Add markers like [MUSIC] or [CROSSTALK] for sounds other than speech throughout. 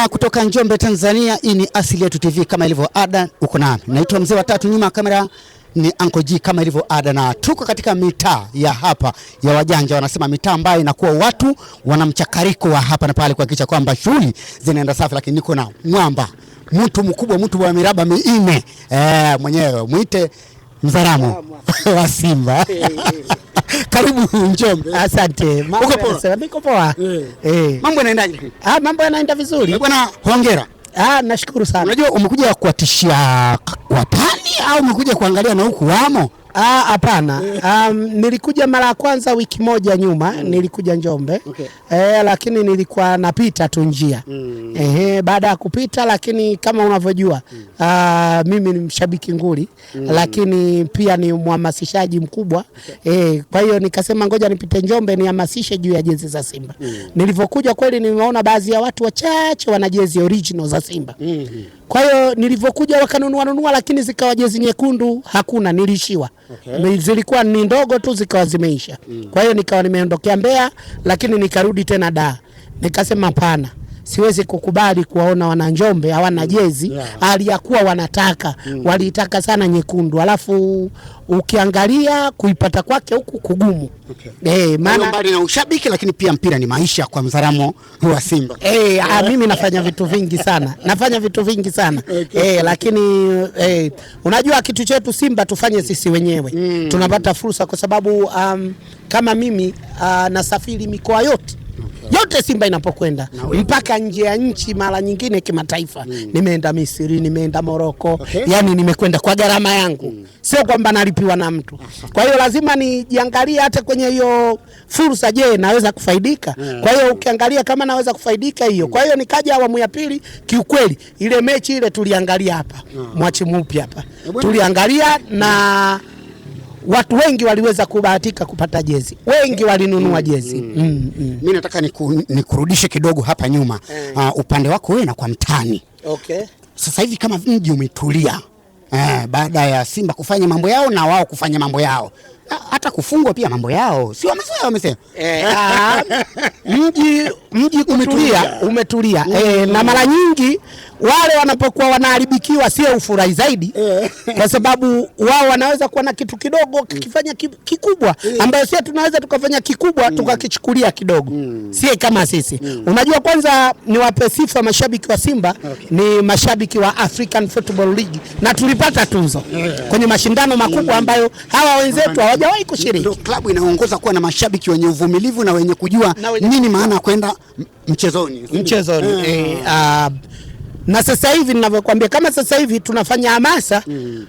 Ah, kutoka Njombe, Tanzania, hii ni Asili Yetu TV kama ilivyo ada, uko nami naitwa mzee wa tatu, nyuma ya kamera ni Uncle G kama ilivyo ada, na tuko katika mitaa ya hapa ya wajanja, wanasema mitaa ambayo inakuwa watu wana mchakariko wa hapa na pale kuhakikisha kwamba shughuli zinaenda safi, lakini niko na mwamba mtu mkubwa, mtu wa miraba minne eh, mwenyewe mwite Mzaramo [LAUGHS] wa Simba. Eh, eh, eh. Karibu Njombe. Asante. Niko poa. Eh. Mambo yanaendaje? Ah, mambo yanaenda vizuri bwana, hongera. Ah, nashukuru sana. Unajua umekuja kuwatishia watani au umekuja kuangalia na huku wamo? Ah, hapana. Um, nilikuja mara ya kwanza wiki moja nyuma mm. Nilikuja Njombe okay. Eh, lakini nilikuwa napita tu njia mm. Eh, baada ya kupita, lakini kama unavyojua mm. Uh, mimi ni mshabiki nguli mm. Lakini pia ni mhamasishaji mkubwa okay. Eh, kwa hiyo nikasema ngoja nipite Njombe nihamasishe juu ya jezi za Simba mm. Nilivyokuja kweli nimeona baadhi ya watu wachache wana jezi original za Simba mm. Kwa hiyo nilivyokuja wakanunua nunua, lakini zikawa jezi nyekundu hakuna, nilishiwa okay. Zilikuwa ni ndogo tu zikawa zimeisha mm. Kwa hiyo nikawa nimeondokea Mbeya, lakini nikarudi tena Dar, nikasema hapana siwezi kukubali kuwaona wananjombe hawana mm. jezi yeah. Aliyakuwa wanataka mm. Waliitaka sana nyekundu, alafu ukiangalia kuipata kwake huku kugumu okay. Eh, maana mbali na ushabiki, lakini pia mpira ni maisha kwa Mzaramo wa Simba eh, ah, yeah. Mimi nafanya vitu vingi sana [LAUGHS] nafanya vitu vingi sana okay. Eh, lakini eh, unajua kitu chetu Simba tufanye sisi wenyewe mm. Tunapata fursa kwa sababu um, kama mimi uh, nasafiri mikoa yote yote Simba inapokwenda mpaka nje ya nchi, mara nyingine kimataifa mm. Nimeenda Misri, nimeenda Moroko okay. Yani nimekwenda kwa gharama yangu mm. Sio kwamba nalipiwa na mtu. [LAUGHS] Kwa hiyo lazima nijiangalie hata kwenye hiyo fursa, je, naweza kufaidika? yeah. Hmm. Kwa hiyo ukiangalia kama naweza kufaidika hiyo hmm. Kwa hiyo nikaja awamu ya pili, kiukweli ile mechi ile tuliangalia hapa yeah. Hmm. Mwachi mupi hapa tuliangalia na watu wengi waliweza kubahatika kupata jezi, wengi walinunua mm, jezi. mm, mm. mm, mm. Mi nataka niku, nikurudishe kidogo hapa nyuma mm. uh, upande wako wewe na kwa mtani okay. Sasa hivi kama mji umetulia eh, baada ya Simba kufanya mambo yao na wao kufanya mambo yao hata kufungwa pia mambo yao, si wamesema wamesema eh. ah, [LAUGHS] mji mji umetulia umetulia, umetulia. Eh, mm. na mara nyingi wale wanapokuwa wanaharibikiwa sio ufurahi zaidi eh. kwa sababu wao wanaweza kuwa na kitu kidogo mm. kikifanya kikubwa, mm. ambayo sio tunaweza tukafanya kikubwa mm. tukakichukulia kidogo, si kama sisi. Unajua, kwanza ni wape sifa mashabiki wa Simba Ni mashabiki wa African Football League na tulipata tuzo eh. kwenye mashindano makubwa ambayo hawa wenzetu hawajawahi kushiriki. Ndio klabu inaongoza kuwa na mashabiki wenye uvumilivu na wenye kujua nini maana ya kwenda mchezoni mchezoni, eh, eh ah, na sasa hivi ninavyokuambia, kama sasa hivi tunafanya hamasa mm.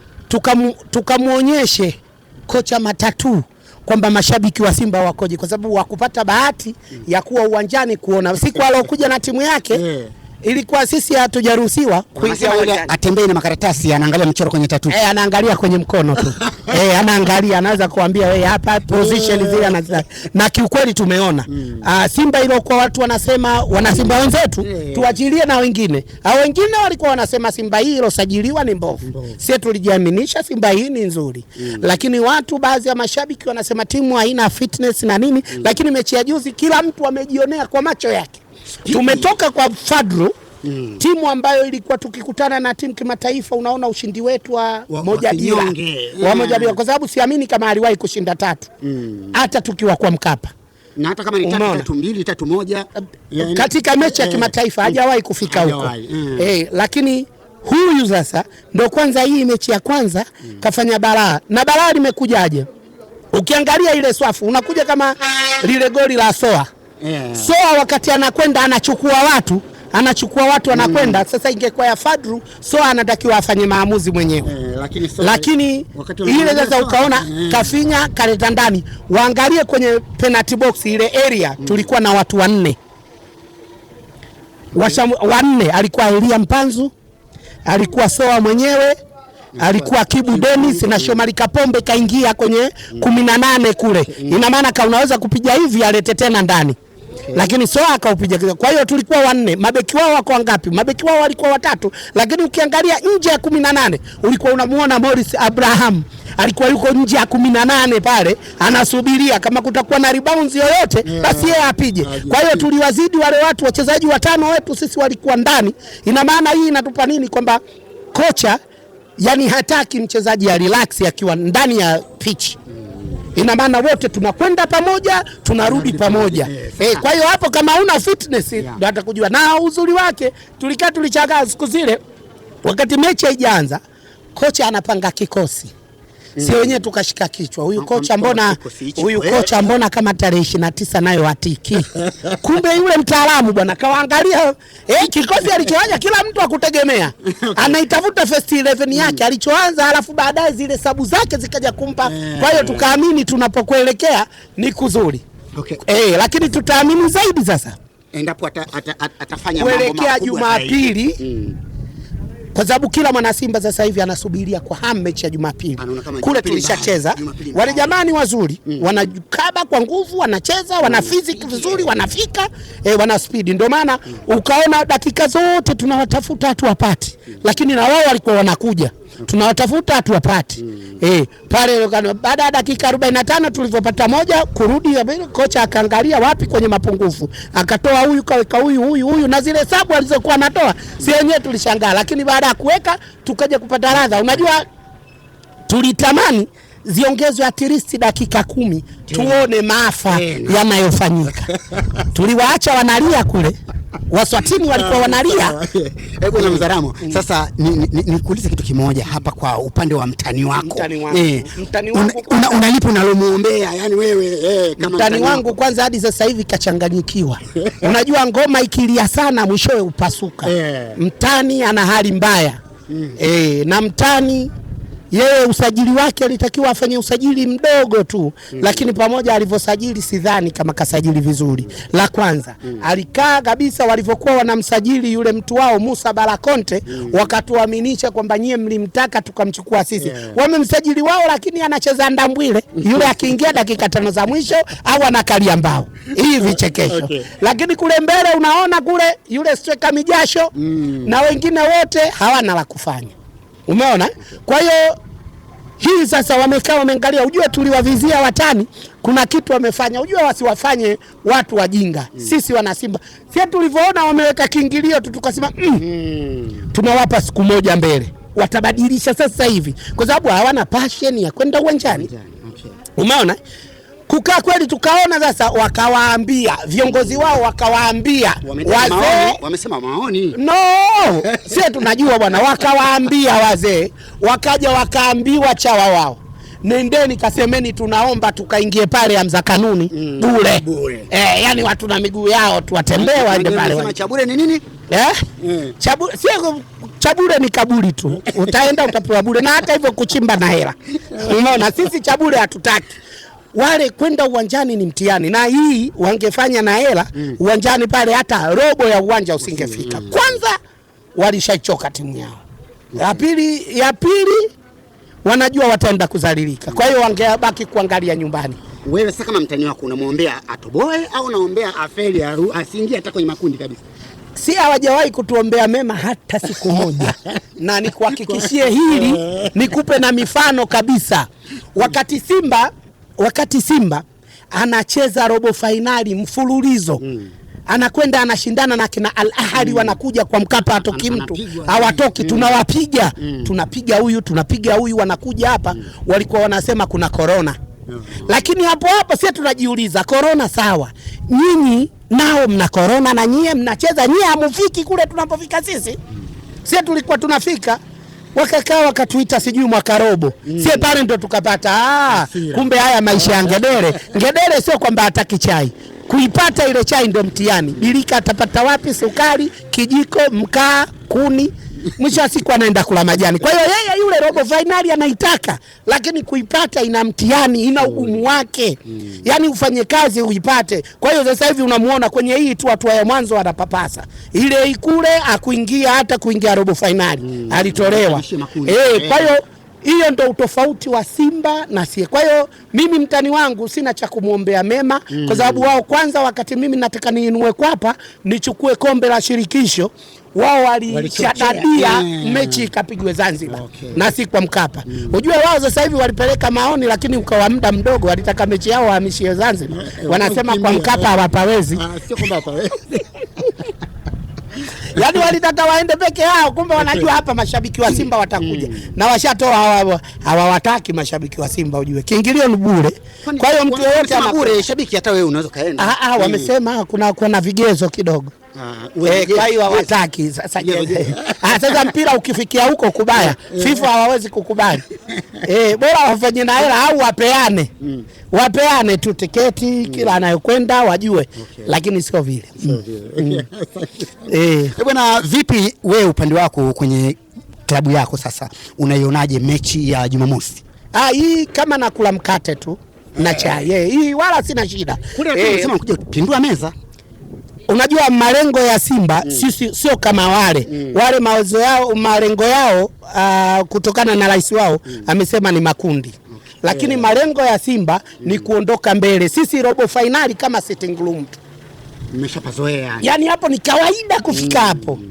tukamwonyeshe tuka kocha Matatu kwamba mashabiki wa Simba wakoje, kwa sababu wakupata bahati mm. ya kuwa uwanjani kuona siku alokuja na timu yake yeah ilikuwa sisi hatujaruhusiwa kuingia ule, atembee na makaratasi, anaangalia mchoro kwenye tatu. Eh, anaangalia kwenye mkono tu [LAUGHS] eh, anaangalia, anaweza kuambia wewe hapa position zile anazina. Na kiukweli tumeona mm. Ah, Simba ile kwa watu wanasema wana Simba wenzetu yeah. Tuachilie na wengine au ah, wengine walikuwa wanasema Simba hii ilosajiliwa ni mbovu, sisi tulijiaminisha Simba hii ni nzuri mm. Lakini watu baadhi ya mashabiki wanasema timu haina fitness na nini mm. Lakini mechi ya juzi kila mtu amejionea kwa macho yake Tumetoka kwa fadru mm. timu ambayo ilikuwa tukikutana na timu kimataifa, unaona ushindi wetu wa moja bila wa mm. moja bila, kwa sababu siamini kama aliwahi kushinda tatu mm. hata mm. tukiwa kwa Mkapa na hata kama ni tatu, tatu mbili, tatu moja eh, yani, katika mechi ya eh, kimataifa mm. hajawahi kufika huko mm. eh, lakini huyu sasa ndo kwanza hii mechi ya kwanza mm. kafanya balaa na balaa limekujaje? Ukiangalia ile swafu unakuja kama lile goli la Soa yeah. So wakati anakwenda anachukua watu anachukua watu mm. anakwenda mm. Sasa ingekuwa ya Fadru, so anatakiwa afanye maamuzi mwenyewe eh, lakini, so, lakini ile sasa ukaona mm. Kafinya kaleta ndani, waangalie kwenye penalty box ile area mm. tulikuwa na watu wanne eh. Washamu, wanne alikuwa Elia Mpanzu, alikuwa Soa mwenyewe, alikuwa Kibu Dennis na Shomari Kapombe kaingia kwenye mm. kumi na nane kule, mm. ina maana ka unaweza kupiga hivi alete tena ndani lakini Soa akaupiga. Kwa hiyo tulikuwa wanne, mabeki wao wako wangapi? Mabeki wao walikuwa watatu, lakini ukiangalia nje ya kumi na nane ulikuwa unamuona Morris Abraham alikuwa yuko nje ya kumi na nane pale anasubiria kama kutakuwa na rebounds yoyote basi yeye apige. Kwa hiyo tuliwazidi wale watu, wachezaji watano wetu sisi walikuwa ndani. Ina maana hii inatupa nini? Kwamba kocha yani hataki mchezaji ya relax akiwa ndani ya pitch. Ina maana wote tunakwenda pamoja, tunarudi pamoja. E, kwa hiyo hapo kama una fitness ndio atakujua. Na uzuri wake tulikaa tulichagaa siku zile wakati mechi haijaanza, kocha anapanga kikosi Mm. sio wenyewe tukashika kichwa, huyu mm, kocha mm, mbona, huyu kocha mbona kama tarehe ishirini na tisa nayo atiki [LAUGHS] kumbe yule mtaalamu bwana kawaangalia eh, kikosi alichoaja kila mtu akutegemea [LAUGHS] anaitafuta first 11 yake alichoanza, alafu baadaye zile sabu zake zikaja kumpa eh. kwa hiyo tukaamini tunapokuelekea ni kuzuri okay. eh, lakini tutaamini zaidi sasa endapo atafanya mambo makubwa kuelekea Jumapili mm kwa sababu kila mwana Simba sasa hivi anasubiria kwa hamu mechi ya Jumapili. Kule tulishacheza, wale jamani wazuri mm. wanakaba kwa nguvu, wanacheza, wana mm. physics vizuri, wanafika eh, wana speed. Ndio maana mm. ukaona dakika zote tunawatafuta hatu wapati, mm. lakini na wao walikuwa wanakuja tunawatafuta hatuwapati. mm. Eh, pale baada ya dakika 45 tulivyopata moja kurudi, kocha akaangalia wapi kwenye mapungufu, akatoa huyu kaweka huyu huyu huyu, na zile sabu alizokuwa anatoa si wenyewe tulishangaa, lakini baada ya kuweka tukaja kupata radha. Unajua tulitamani ziongezwe at least dakika kumi tuone maafa yanayofanyika. [LAUGHS] Tuliwaacha wanalia kule Waswatini walikuwa ah, wanalia [LAUGHS] Mzaramo. Mm. Sasa nikuulize ni, ni kitu kimoja hapa kwa upande wa mtani wako, mtani wangu eh, una, unalipo unalomwombea yani wewe eh, kama mtani wangu kwanza, hadi sasa hivi kachanganyikiwa [LAUGHS] unajua ngoma ikilia sana mwishowe upasuka eh. Mtani ana hali mbaya mm. eh, na mtani yeye usajili wake alitakiwa afanye usajili mdogo tu mm. Lakini pamoja alivyosajili sidhani kama kasajili vizuri. Mm. La kwanza mm. alikaa kabisa, walivyokuwa wanamsajili yule mtu wao Musa Balakonte mm. wakatuaminisha kwamba nyie mlimtaka tukamchukua sisi yeah. Wamemsajili wao, lakini anacheza ndambwile yule akiingia dakika tano za mwisho au anakalia mbao hii vichekesho okay. Lakini kule mbele unaona kule yule streka mijasho mm. na wengine wote hawana la kufanya. Umeona? Okay. Kwa hiyo hii sasa wamekaa wameangalia, ujue tuliwavizia watani, kuna kitu wamefanya, ujue wasiwafanye watu wajinga mm. Sisi wana Simba sie tulivyoona wameweka kiingilio tu tukasema mm, mm. tunawapa siku moja mbele, watabadilisha sasa hivi, kwa sababu hawana passion ya kwenda uwanjani. Umeona? kukaa kweli, tukaona sasa, wakawaambia viongozi wao, wakawaambia wazee, wamesema maoni no [LAUGHS] sie tunajua bwana, wakawaambia wazee, wakaja wakaambiwa chawa wao nendeni kasemeni, tunaomba tukaingie pale amza kanuni mm. bure bure. eh, yani watu na miguu yao tuwatembee waende pale. Cha chabure ni nini eh? Mm. Eh. Cha chabure ni kaburi tu, utaenda utapewa bure, na hata hivyo kuchimba na hela. [LAUGHS] Unaona, sisi chabure hatutaki wale kwenda uwanjani ni mtihani, na hii wangefanya na hela mm. uwanjani pale hata robo ya uwanja usingefika. Mm. Kwanza walishachoka timu yao, mm. ya pili ya pili wanajua wataenda kudhalilika, kwa hiyo wangebaki kuangalia nyumbani. Wewe sasa kama mtani wako unamwombea atoboe au unaombea afeli asiingie hata kwenye makundi kabisa? Si hawajawahi kutuombea mema hata siku moja [LAUGHS] na nikuhakikishie hili, nikupe na mifano kabisa. Wakati Simba wakati Simba anacheza robo fainali mfululizo mm. Anakwenda anashindana na kina Al Ahli mm. Wanakuja kwa Mkapa atoki mtu hawatoki, mm. tunawapiga mm. Tunapiga huyu tunapiga huyu, wanakuja hapa mm. Walikuwa wanasema kuna korona mm. Lakini hapo hapo sisi tunajiuliza korona, sawa, nyinyi nao mna korona na nyie mnacheza, nyie hamufiki kule tunapofika sisi mm. Sisi tulikuwa tunafika wakakaa wakatuita sijui mwaka robo mm. sie pale ndo tukapata Aa, ah, kumbe haya maisha ya ngedere ngedere sio kwamba hataki chai kuipata ile chai ndo mtihani bilika atapata wapi sukari kijiko mkaa kuni mwisho wa siku anaenda kula majani. Kwa hiyo yeye yule robo fainali anaitaka, lakini kuipata ina mtihani, ina ugumu wake, mm. yani ufanye kazi uipate. Kwa hiyo sasa hivi unamuona kwenye hii tu hatua ya mwanzo anapapasa, ile ikule akuingia hata kuingia robo fainali mm. alitolewa eh, kwa hiyo eh. Hiyo ndo utofauti wa Simba na sie. Kwa hiyo mimi mtani wangu sina cha kumwombea mema mm, kwa sababu wao kwanza, wakati mimi nataka niinue kwapa nichukue kombe la shirikisho wao walichadadia mechi ikapigwe Zanzibar okay, na si kwa Mkapa mm. Ujue wao sasa hivi walipeleka maoni, lakini ukawa muda mdogo, walitaka mechi yao wahamishie Zanzibar, eh, eh, wanasema kwa Mkapa hawapawezi ah, yani walitaka waende peke yao, kumbe wanajua hapa mashabiki wa Simba watakuja mm. na washatoa hawawataki mashabiki wa Simba, ujue kiingilio ni bure. Kwa hiyo mtu yeyote bure, shabiki hata wewe unaweza kaenda. Ah, ah hmm. wamesema kuna kuna vigezo kidogo Uh, eh, Kwa hiyo hawataki sasa. [LAUGHS] Ah, sasa mpira ukifikia huko kubaya, FIFA hawawezi kukubali. [LAUGHS] Eh, bora wafanye na hela au wapeane, mm. wapeane tu tiketi mm. kila anayokwenda wajue, lakini sio vile mm. [LAUGHS] Eh. eh. Bwana, vipi wewe upande wako kwenye klabu yako sasa, unaionaje mechi ya Jumamosi? Ah, hii kama nakula mkate tu na eh. chai hii, wala sina shida. Kuna mtu kuja pindua meza unajua malengo ya Simba mm. sio sio kama wale mm. wale mawazo yao malengo yao uh, kutokana na rais wao mm. amesema ni makundi okay. Lakini yeah. malengo ya Simba mm. ni kuondoka mbele. Sisi robo fainali kama Sitting Room tu mmeshapazoea, yani hapo ni kawaida kufika mm. hapo mm.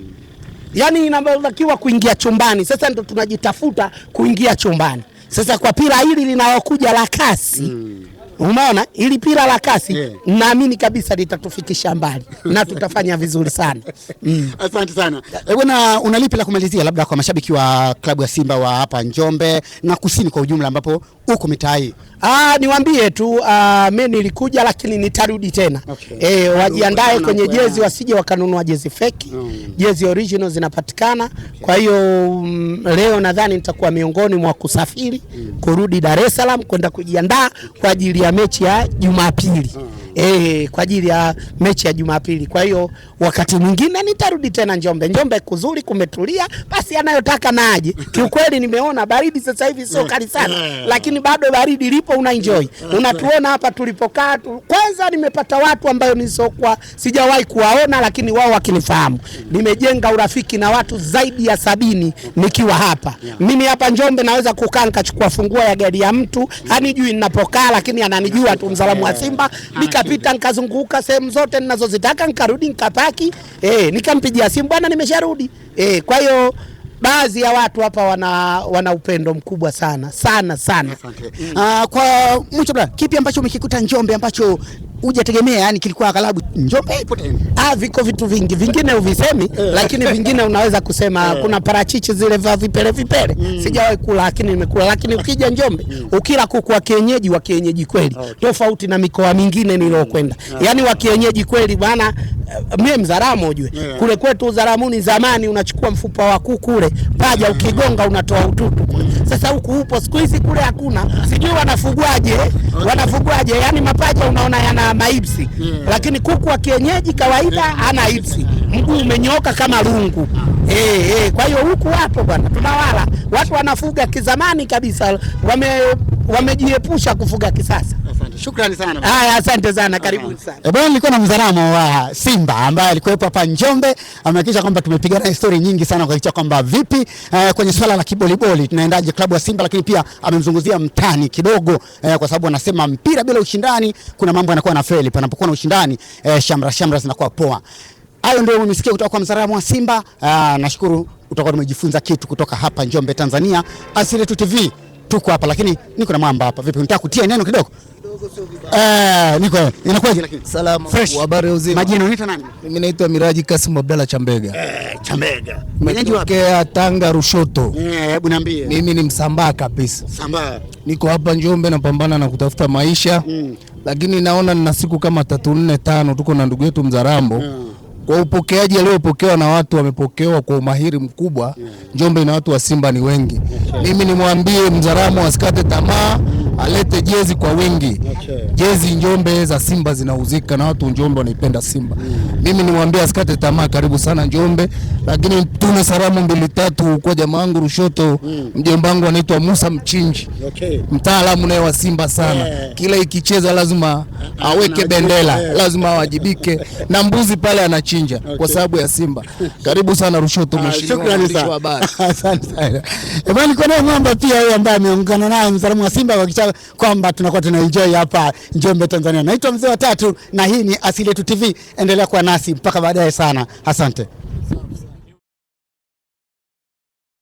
Yani inatakiwa kuingia chumbani. Sasa ndo tunajitafuta kuingia chumbani. Sasa kwa pira hili linalokuja la kasi mm. Umeona ili pira la kasi yeah. Naamini kabisa litatufikisha mbali [LAUGHS] na tutafanya vizuri sana mm. Asante sana eh, bwana, unalipi la kumalizia labda kwa mashabiki wa klabu ya Simba wa hapa Njombe na kusini kwa ujumla ambapo uko hii? Ah, niwaambie tu ah, mimi nilikuja lakini nitarudi tena okay. Eh, wajiandae kwenye jezi wasije wakanunua jezi feki mm. Jezi original zinapatikana okay. Kwa hiyo mm, leo nadhani nitakuwa miongoni mwa kusafiri mm. kurudi Dar es Salaam kwenda kujiandaa kwa ajili ya mechi ya Jumapili mm. eh, kwa ajili ya mechi ya Jumapili. Kwa hiyo wakati mwingine nitarudi tena Njombe. Njombe kuzuri, kumetulia, basi anayotaka naaje. Kiukweli nimeona baridi sasa hivi sio kali sana, lakini bado baridi lipo, una enjoy. Unatuona hapa tulipokaa tu. Kwanza nimepata watu ambao nisokuwa sijawahi kuwaona, lakini wao wakinifahamu. Nimejenga urafiki na watu zaidi ya sabini nikiwa hapa. Mimi hapa Njombe naweza kukaa nikachukua funguo ya gari ya mtu, hanijui ninapokaa, lakini ananijua tu, mzalamu wa Simba nika nikapita nikazunguka sehemu zote ninazozitaka nikarudi nikapaki, eh, nikampigia simu bwana, nimesharudi. Eh, kwa hiyo baadhi ya watu hapa wana, wana upendo mkubwa sana sana sana. Aa, ah, kwa mchobla, kipi ambacho umekikuta Njombe ambacho hujategemea yani, kilikuwa aghalabu Njombe ipo tena. Ah, viko vitu vingi vingine uvisemi eh. [LAUGHS] lakini vingine unaweza kusema eh. kuna parachichi zile vya vipele vipele mm. Sijawahi kula lakini nimekula, lakini ukija Njombe mm. ukila kuku wa kienyeji wa kienyeji kweli ah, okay. Tofauti na mikoa mingine niliyokwenda mm. Ah. yani wa kienyeji kweli bwana Eh, mie mzaramu ujue yeah. Kule kwetu Uzaramuni zamani unachukua mfupa wa kuku kule paja, ukigonga unatoa ututu. Sasa huku upo siku hizi, kule hakuna, sijui wanafugwaje, wanafugwaje? Yani mapaja unaona yana maipsi, lakini kuku wa kienyeji kawaida ana ipsi, mguu umenyoka kama rungu ah eh, eh. Kwa hiyo huku wapo bwana, tunawala watu wanafuga kizamani kabisa, wame wamejiepusha kufuga kisasa. Shukrani sana. Haya, asante sana, Karibu sana. Eh, bwana nilikuwa na mzaramo wa Simba ambaye alikuwepo hapa Njombe, amehakikisha kwamba tumepigana story nyingi sana kuhakikisha kwamba vipi eh, kwenye swala la kiboliboli tunaendaje klabu ya Simba, lakini pia amemzunguzia mtani kidogo eh, kwa sababu anasema mpira bila ushindani kuna mambo yanakuwa na feli, panapokuwa na ushindani eh, shamra shamra zinakuwa poa. Hayo ndio umesikia kutoka kwa Msalamu wa Simba. Aa, ah, nashukuru utakuwa umejifunza kitu kutoka hapa Njombe, Tanzania. Asili Yetu TV tuko hapa, lakini niko na mwamba hapa. Vipi, unataka kutia neno kidogo? Eh, niko inakuwaje lakini? Salama. Habari uzima. Majina unaitwa nani? Mimi naitwa Miraji Kasim Abdalla Chambega. Eh, Chambega. Mwenyeji wa Kea Tanga Rushoto. Eh, hebu niambie. Mimi ni msambaa kabisa. Msambaa. Niko hapa Njombe napambana na kutafuta maisha. Mm. Lakini naona nina siku kama 3 4 5 tuko na ndugu yetu Mzarambo. Mm kwa upokeaji aliopokewa na watu wamepokewa kwa umahiri mkubwa. Njombe na watu wa Simba ni wengi. Mimi nimwambie Mzaramo asikate tamaa, alete jezi kwa wingi. Jezi Njombe za Simba zinauzika na watu Njombe wanaipenda Simba mimi nimwambia asikate tamaa, karibu sana Njombe, lakini tuna salamu mbili tatu kwa jamaa wangu Rushoto, hmm. mjomba wangu anaitwa Musa Mchinji, mtaalamu naye wa Simba sana, kila ikicheza lazima ah, aweke bendera, lazima awajibike, [LAUGHS] na mbuzi pale anachinja kwa sababu ya Simba. Karibu sana Rushoto, ah, mheshimiwa mwandishi habari. [LAUGHS] Asante sana Ebani kwa mwamba pia yeye ambaye ameungana naye msalamu wa Simba kwa kwamba tunakuwa tunaenjoy hapa Njombe Tanzania. Naitwa mzee wa tatu na hii ni Asili Yetu TV, endelea kuwa nasi nasi mpaka baadaye sana. Asante.